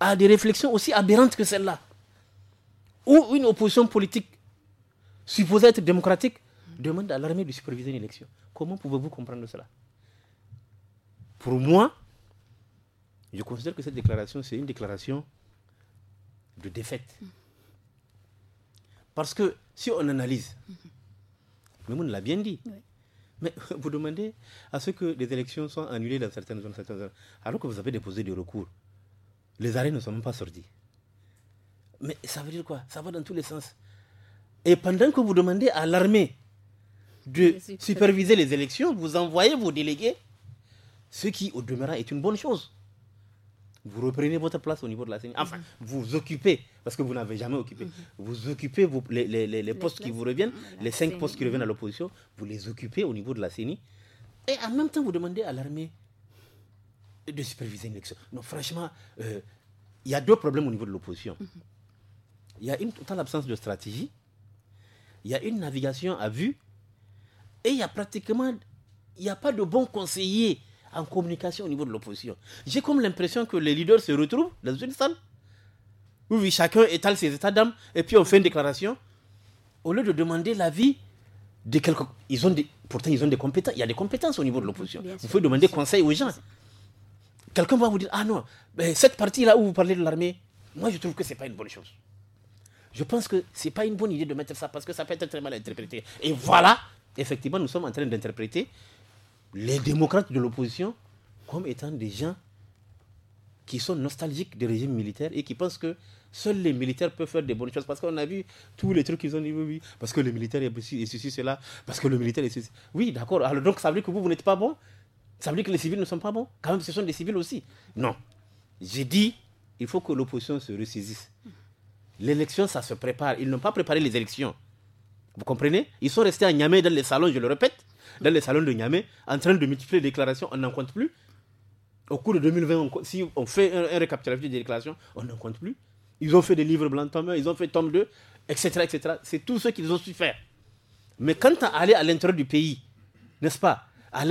à des réflexions aussi aberrantes que celle-là Ou une opposition politique supposée être démocratique demande à l'armée de superviser une élection. Comment pouvez-vous comprendre cela Pour moi, je considère que cette déclaration, c'est une déclaration de défaite. Parce que si on analyse, même l'a bien dit, mais vous demandez à ce que les élections soient annulées dans certaines certaines zones, alors que vous avez déposé des recours. Les arrêts ne sont même pas sortis. Mais ça veut dire quoi Ça va dans tous les sens. Et pendant que vous demandez à l'armée de superviser les élections, vous envoyez vos délégués, ce qui, au demeurant, est une bonne chose. Vous reprenez votre place au niveau de la CENI. Enfin, mhm. vous occupez, parce que vous n'avez jamais occupé, mhm. vous occupez vos, les, les, les, postes qui vous reviennent, les cinq postes qui reviennent à l'opposition, vous les occupez au niveau de la CENI. Et en même temps, vous demandez à l'armée de superviser une élection. Non, franchement, euh, il y a deux problèmes au niveau de l'opposition. Mhm. Il y a une totale absence de stratégie. Il y a une navigation à vue et il y a pratiquement, il a pas de bons conseillers en communication au niveau de l'opposition. J'ai comme l'impression que les leaders se retrouvent dans une salle. où chacun étale ses états d'âme et puis on fait une déclaration. Au lieu de demander l'avis de quelqu'un, ils ont pourtant ils ont des compétences. Il y a des compétences au niveau de l'opposition. Vous pouvez demander conseil aux gens. Quelqu'un va vous dire ah non, cette partie là où vous parlez de l'armée, moi je trouve que ce n'est pas une bonne chose. Je pense que ce n'est pas une bonne idée de mettre ça parce que ça peut être très mal interprété. Et voilà effectivement, nous sommes en train d'interpréter les démocrates de l'opposition comme étant des gens qui sont nostalgiques des régimes militaires et qui pensent que seuls les militaires peuvent faire des bonnes choses. Parce qu'on a vu tous les trucs qu'ils ont dit, oui, oui, parce que le militaire est ceci, cela, parce que le militaire est ceci. Oui, d'accord. Alors donc, ça veut dire que vous, vous n'êtes pas bon Ça veut dire que les civils ne sont pas bons Quand même, ce sont des civils aussi. Non. J'ai dit, il faut que l'opposition se ressaisisse. L'élection, ça se prépare. Ils n'ont pas préparé les élections. Vous comprenez Ils sont restés à Niamey dans les salons, je le répète, dans les salons de Niamey, en train de multiplier les déclarations, on n'en compte plus. Au cours de 2020, si on fait un, récapitulatif des déclarations, on n'en compte plus. Ils ont fait des livres blancs, tome 1, ils ont fait tome 2, etc. etc. C'est tout ce qu'ils ont su faire. Mais quand est allé à l'intérieur du pays, n'est-ce pas à,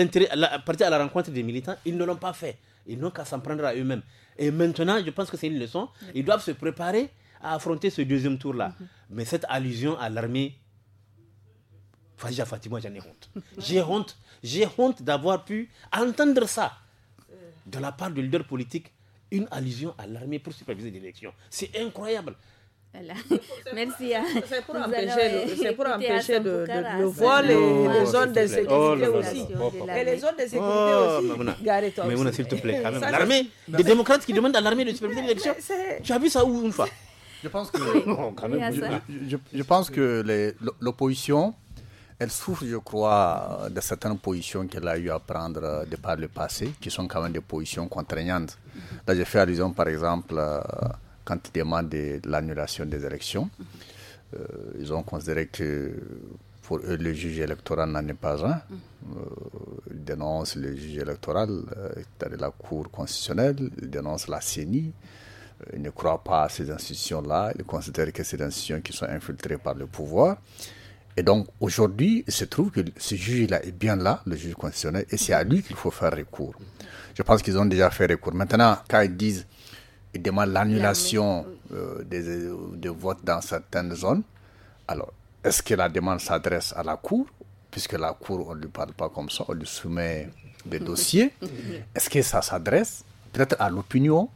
à partir à la rencontre des militants, ils ne l'ont pas fait. Ils n'ont qu'à s'en prendre à eux-mêmes. Et maintenant, je pense que c'est une leçon. Ils doivent se préparer à affronter ce deuxième tour-là. Mhm. Mais cette allusion à l'armée Fajia Fatima, j'en ai honte. J'ai honte, j'ai honte d'avoir pu entendre ça de la part du leader politique, une allusion à l'armée pour superviser l'élection. C'est incroyable. Merci. C'est pour, hein. empêcher, de, voir les zones de oh, sécurité oh aussi. et les zones de sécurité oh, aussi. Mais s'il te plaît, quand même. L'armée, des démocrates qui demandent à l'armée de superviser l'élection. Tu as vu ça où une fois je pense que, je, pense que l'opposition elle souffre, je crois, de certaines positions qu'elle a eu à prendre de par le passé, qui sont quand même des positions contraignantes. Là, j'ai fait allusion, par exemple, euh, quand ils demandent l'annulation des élections, euh, ils ont considéré que pour eux, le juge électoral n'en est pas un. Euh, ils dénoncent le juge électoral, cest à la Cour constitutionnelle, ils dénoncent la CENI. Ils ne croient pas à ces institutions-là. Ils considèrent que ces institutions qui sont infiltrées par le pouvoir. Et donc aujourd'hui, il se trouve que ce juge-là est bien là, le juge constitutionnel, et c'est à lui qu'il faut faire recours. Je pense qu'ils ont déjà fait recours. Maintenant, quand ils disent, ils demandent l'annulation euh, des, euh, des, votes dans certaines zones, alors est-ce que la demande s'adresse à la Cour Puisque la Cour, on ne lui parle pas comme ça, on lui soumet des dossiers. Est-ce que ça s'adresse peut-être à l'opinion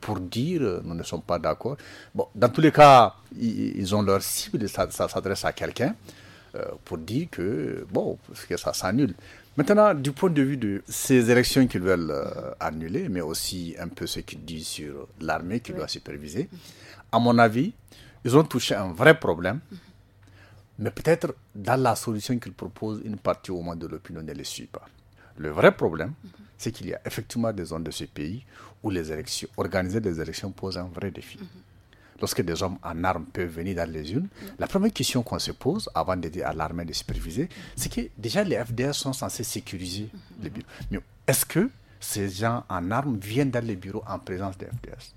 pour dire nous ne sommes pas d'accord. Bon, dans tous les cas, ils ont leur cible, ça, ça s'adresse à quelqu'un euh, pour dire que, bon, parce que ça s'annule. Maintenant, du point de vue de ces élections qu'ils veulent euh, annuler, mais aussi un peu ce qu'ils disent sur l'armée qu'ils doivent superviser, à mon avis, ils ont touché un vrai problème. Mhm. Mais peut-être dans la solution qu'ils proposent, une partie au moins de l'opinion ne les suit pas. Le vrai problème, c'est qu'il y a effectivement des zones de ce pays où les élections, organiser des élections pose un vrai défi. Lorsque des hommes en armes peuvent venir dans les urnes, la première question qu'on se pose avant d'aider à l'armée de superviser, c'est que déjà les FDS sont censés sécuriser les bureaux. Mais est-ce que ces gens en armes viennent dans les bureaux en présence des FDS.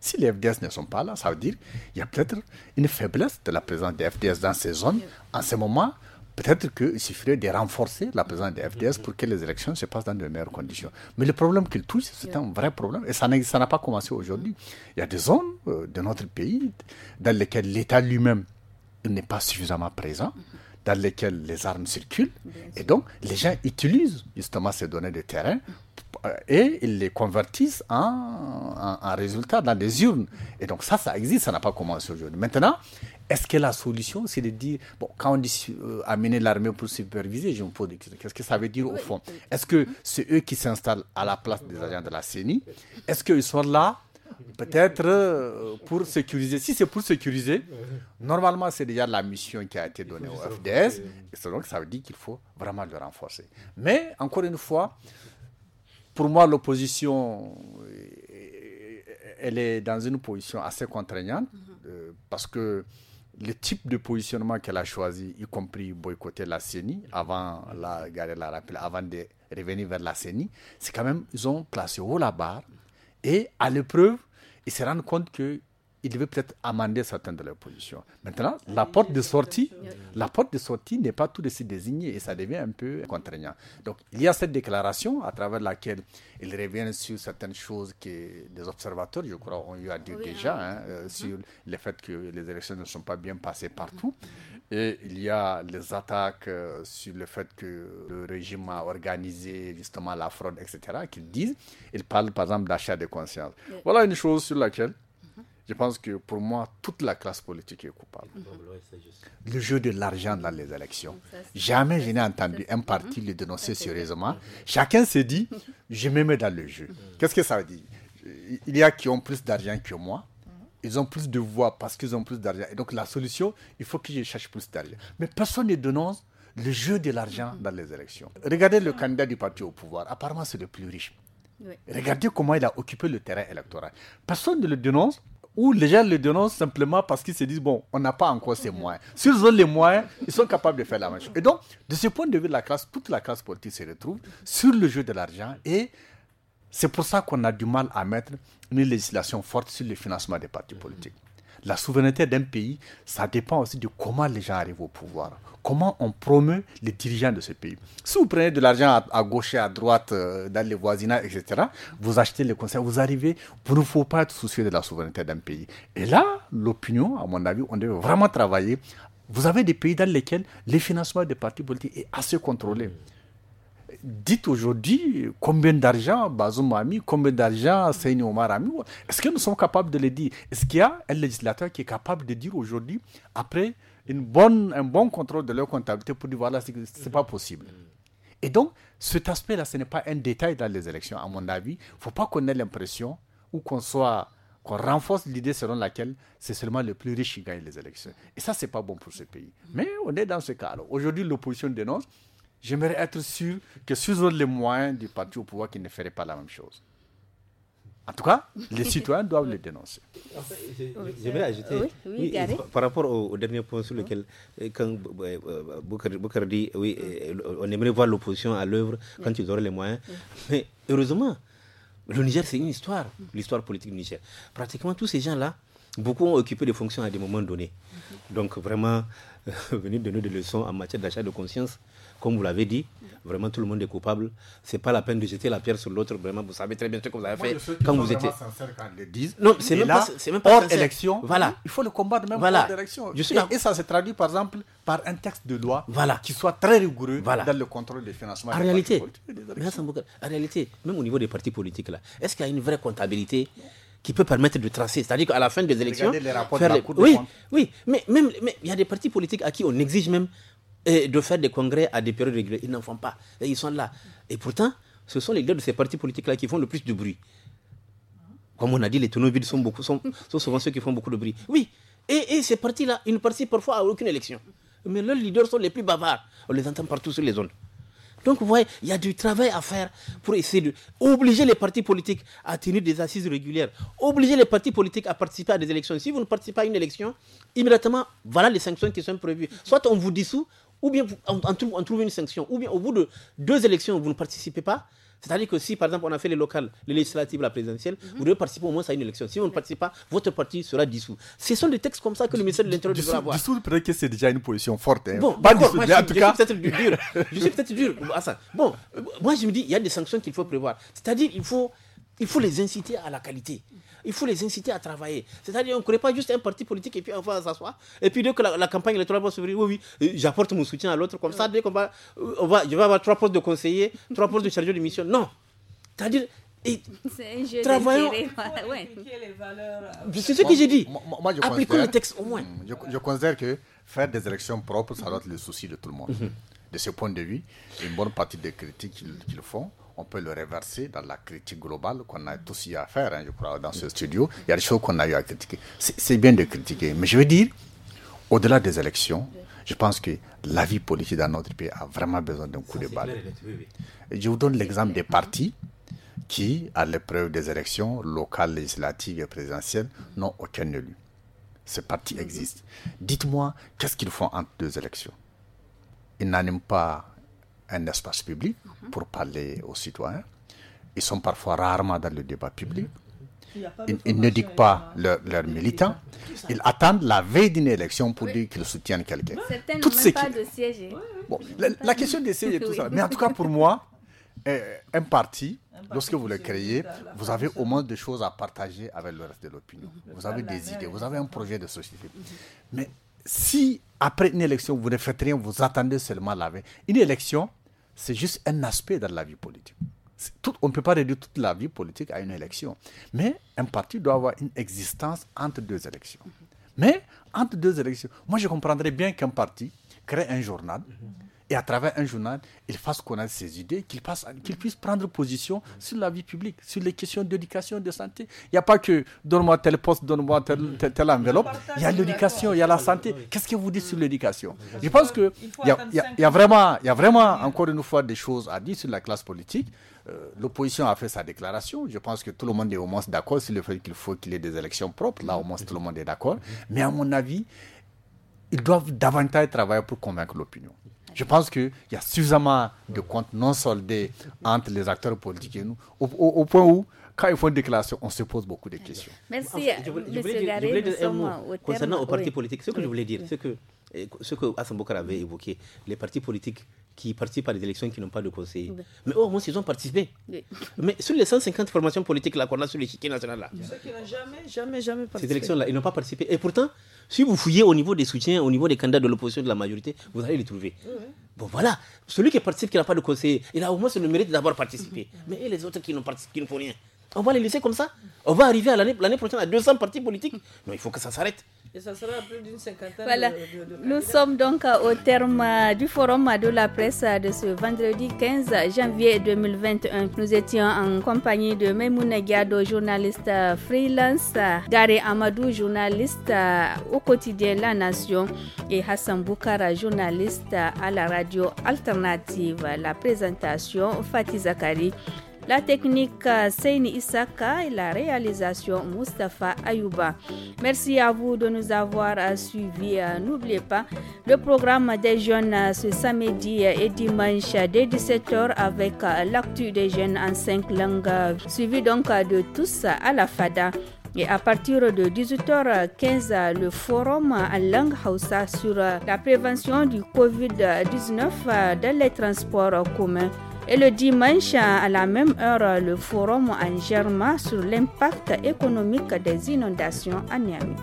Si les FDS ne sont pas là, ça veut dire qu'il y a peut-être une faiblesse de la présence des FDS dans ces zones en ce moment Peut-être qu'il suffirait de renforcer la présence des FDS pour que les élections se passent dans de meilleures conditions. Mais le problème qu'ils touchent, c'est un vrai problème. Et ça n'a pas commencé aujourd'hui. Il y a des zones euh, de notre pays dans lesquelles l'État lui-même n'est pas suffisamment présent dans lesquelles les armes circulent. Et donc, les gens utilisent justement ces données de terrain euh, et ils les convertissent en, en résultats dans des urnes. Et donc, ça, ça existe, ça n'a pas commencé aujourd'hui. Maintenant, est-ce que la solution, c'est de dire, bon, quand on dit euh, amener l'armée pour superviser, je me pose Qu'est-ce que ça veut dire au fond Est-ce que c'est eux qui s'installent à la place des agents de la CENI Est-ce qu'ils sont là peut-être euh, pour sécuriser. Si c'est pour sécuriser, normalement, c'est déjà la mission qui a été donnée au FDS. Et donc, ça veut dire qu'il faut vraiment le renforcer. Mais, encore une fois, pour moi, l'opposition, euh, elle est dans une position assez contraignante mm-hmm. parce que le type de positionnement qu'elle a choisi, y compris boycotter la CENI, avant, la, la rappel, avant de revenir vers la CENI, c'est quand même, ils ont placé haut la barre et à l'épreuve, ils se rendent compte que il devait peut-être amender certaines de leurs positions. Maintenant, la porte de sortie, la porte de sortie n'est pas tout de suite désignée et ça devient un peu contraignant. Donc, il y a cette déclaration à travers laquelle il revient sur certaines choses que des observateurs, je crois, ont eu à dire déjà hein. Hein, euh, sur hum. le fait que les élections ne sont pas bien passées partout. Hum, hum, et il y a les attaques euh, sur le fait que le régime a organisé justement la fraude, etc., qu'ils disent. Ils parlent par exemple d'achat de conscience. Voilà une chose sur laquelle je pense que pour moi, toute la classe politique est coupable. Le jeu de l'argent dans les élections. Jamais je n'ai entendu un mhm. parti le dénoncer sérieusement. Mhm. Chacun s'est dit, je me mets dans le jeu. Mhm. Qu'est-ce que ça veut dire Il y a qui ont plus d'argent que moi. Ils ont plus de voix parce qu'ils ont plus d'argent. Et donc la solution, il faut que je cherche plus d'argent. Mais personne ne dénonce le jeu de l'argent dans les élections. Regardez le candidat du parti au pouvoir. Apparemment, c'est le plus riche. Regardez comment il a occupé le terrain électoral. Personne ne le dénonce où les gens le dénoncent simplement parce qu'ils se disent, bon, on n'a pas encore ces moyens. S'ils ont les moyens, ils sont capables de faire la même chose. Et donc, de ce point de vue, la classe, toute la classe politique se retrouve sur le jeu de l'argent et c'est pour ça qu'on a du mal à mettre une législation forte sur le financement des partis politiques la souveraineté d'un pays, ça dépend aussi de comment les gens arrivent au pouvoir, comment on promeut les dirigeants de ce pays. Si vous prenez de l'argent à, gauche et à droite, euh, dans les voisinages, etc., vous achetez les conseils, vous arrivez, vous ne faut pas être soucieux de la souveraineté d'un pays. Et là, l'opinion, à mon avis, on doit vraiment travailler. Vous avez des pays dans lesquels les financements des partis politiques est assez contrôlé dites aujourd'hui combien d'argent Bazoum a mis, combien d'argent Seyni Omar a mis. Est-ce que nous sommes capables de le dire Est-ce qu'il y a un législateur qui est capable de dire aujourd'hui, après une bonne, un bon contrôle de leur comptabilité, pour dire voilà, ce n'est pas possible mm. Et donc, cet aspect-là, ce n'est pas un détail dans les élections, à mon avis. Il ne faut pas qu'on ait l'impression ou qu'on soit qu'on renforce l'idée selon laquelle c'est seulement le plus riche qui gagne les élections. Et ça, ce n'est pas bon pour ce pays. Mm. Mais on est dans ce cas. Aujourd'hui, l'opposition dénonce, J'aimerais être sûr que si ont les moyens du parti au pouvoir qu'ils ne feraient pas la même chose. En tout cas, les citoyens doivent les dénoncer. J'aimerais ajouter, oui, par rapport au, dernier point sur lequel, euh, quand euh, euh, Bokar dit, oui, mm. on aimerait voir l'opposition à l'œuvre mm. quand ils auraient les moyens. Mm. Mais heureusement, le Niger, c'est une histoire, l'histoire politique du Niger. Pratiquement tous ces gens-là, beaucoup ont occupé des fonctions à des moments donnés. Mm-hmm. Donc vraiment, venir donner des leçons en matière d'achat de conscience, comme vous l'avez dit, vraiment tout le monde est coupable. C'est pas la peine de jeter la pierre sur l'autre. Vraiment, vous savez très bien ce que vous avez fait quand vous étiez. c'est même, hors élection. Voilà. Il faut le combattre même hors élection. et, ça se traduit par exemple par un texte de loi qui soit très rigoureux dans le contrôle des financements. En réalité, en réalité, même au niveau des partis politiques là, est-ce qu'il y a une vraie comptabilité? qui peut permettre de tracer. C'est-à-dire qu'à la fin des élections, Regardez les rapports de la Cour oui, oui, mais même, il y a des partis politiques à qui on exige même et de faire des congrès à des périodes régulières. Ils n'en font pas. ils sont là. Et pourtant, ce sont les leaders de ces partis politiques-là qui font le plus de bruit. Comme on a dit, les tonneaux vides sont, beaucoup, sont, souvent ceux qui font beaucoup de bruit. Oui. Et, ces partis-là, ils ne participent parfois à aucune élection. Mais leurs leaders sont les plus bavards. On les entend partout sur les zones. Donc, vous voyez, il y a du travail à faire pour essayer d'obliger les partis politiques à tenir des assises régulières, obliger les partis politiques à participer à des élections. Si vous ne participez pas à une élection, immédiatement, voilà les sanctions qui sont prévues. Soit on vous dissout, ou bien on, trouve, une sanction, ou bien au bout de deux élections, vous ne participez pas. C'est-à-dire que si, par exemple, on a fait les locales, les législatives, la présidentielle, mhm. vous devez participer au moins à une élection. Si vous ne participez pas, votre parti sera dissous. Ce sont des textes comme ça que le ministère de l'Intérieur devrait avoir. Dissous, peut-être que c'est déjà une position forte. Hein? Bon, pas je, en tout Suis peut-être dur. je suis peut-être dur à ça. Bon, moi, je me dis, il y a des sanctions qu'il faut prévoir. C'est-à-dire, il faut, il faut les inciter à la qualité il faut les inciter à travailler. C'est-à-dire, on ne crée pas juste un parti politique et puis on va s'asseoir. Et puis, dès que la, campagne électorale va s'ouvrir, oui, oui, euh, j'apporte mon soutien à l'autre. Comme ça, dès qu'on euh, va, je vais avoir trois postes de conseiller, trois postes de chargé de mission. Non. C'est-à-dire, un euh, C'est ce que j'ai dit. Moi, je le texte au moins. Mm, je, considère que faire des élections propres, ça doit être le souci de tout le monde. Mm-hmm de ce point de vue, une bonne partie des critiques qu'ils font, on peut le réverser dans la critique globale qu'on a tous eu à faire, hein, je crois, dans ce studio. Il y a des choses qu'on a eu à critiquer. C'est bien de critiquer, mais je veux dire, au-delà des élections, je pense que la vie politique dans notre pays a vraiment besoin d'un coup de balle. Je vous donne l'exemple des partis qui, à l'épreuve des élections locales, législatives et présidentielles, n'ont aucun élu. Ces partis mhm. existent. Dites-moi, qu'est-ce qu'ils font entre deux élections ils n'animent pas un espace public mhm. pour parler aux citoyens. Ils sont parfois rarement dans le débat public. ils, ne dictent pas leurs militants. Ils attendent la veille d'une élection pour dire qu'ils soutiennent quelqu'un. tout Bon, la, question des sièges tout ça. Mais en tout cas, pour moi, euh, un parti, lorsque vous le créez, bah, vous avez au moins des choses à partager avec le reste de l'opinion. Mhm. Vous avez des idées, vous avez un projet de société. Mhm. Mais si après une élection, vous ne faites rien, vous attendez seulement la veille. Une élection, c'est juste un aspect de la vie politique. Tout, on ne peut pas réduire toute la vie politique à une élection. Mais un parti doit avoir une existence entre deux élections. Mm-hmm. Mais entre deux élections, moi je comprendrais bien qu'un parti crée un journal. Mm-hmm et à travers un journal, il fasse connaître ses idées, qu'il puisse prendre position sur la vie publique, sur les questions d'éducation, de santé. Il n'y a pas que donne-moi tel poste, donne-moi telle, enveloppe. Il y a l'éducation, il y a la santé. Qu'est-ce que vous dites sur l'éducation Je pense qu'il y, a vraiment, il y a vraiment, encore une fois, des choses à dire sur la classe politique. Euh, l'opposition a fait sa déclaration. Je pense que tout le monde est au moins d'accord sur le fait qu'il faut qu'il y ait des élections propres. Là, au moins, tout le monde est d'accord. Mais à mon avis, ils doivent davantage travailler pour convaincre l'opinion. Je pense qu'il y a suffisamment de comptes non soldés entre les acteurs politiques et nous, au, point où, quand il faut une déclaration, on se pose beaucoup de questions. Merci, je, voulais, dire, un mot concernant les partis politiques. Ce que je voulais dire, c'est que eh, ce que Hassan Bokar avait évoqué, les partis politiques qui participent à des élections qui n'ont pas de conseiller. Mais au moins, ils ont participé. Mais sur les 150 formations politiques qu'on a sur l'échiquier national, là, jamais, jamais, jamais participé. Ces élections-là, ils n'ont pas participé. Et pourtant, si vous fouillez au niveau des soutiens, au niveau des candidats de l'opposition, de la majorité, vous allez les trouver. Bon, voilà. Celui qui participe, qui n'a pas de conseiller, il a au moins le mérite d'avoir participé. Mais et les autres qui n'ont qui ne font rien on va les laisser comme ça On va arriver l'année prochaine à 200 partis politiques Non, il faut que ça s'arrête ça sera plus d'une cinquantaine Nous sommes donc euh, au terme euh, du forum de la presse euh, de ce vendredi 15 janvier 2021. Nous étions en compagnie de Memouna journaliste freelance, Gary Amadou, journaliste au quotidien La Nation et Hassan Boukara, journaliste à la radio alternative. La présentation, Fatih Zakari. La technique euh, Seini Isaka et la réalisation Mustapha Ayouba. Merci à vous de nous avoir euh, suivis. Euh, n'oubliez pas le programme des jeunes ce samedi et dimanche dès 17h avec l'actu des jeunes en cinq langues, suivi donc de tous à la FADA. Et à partir de 18h15, le forum en langue Hausa sur la prévention du COVID-19 dans les transports communs. Et le dimanche, à la même heure, le forum en germain sur l'impact économique des inondations à Niamey.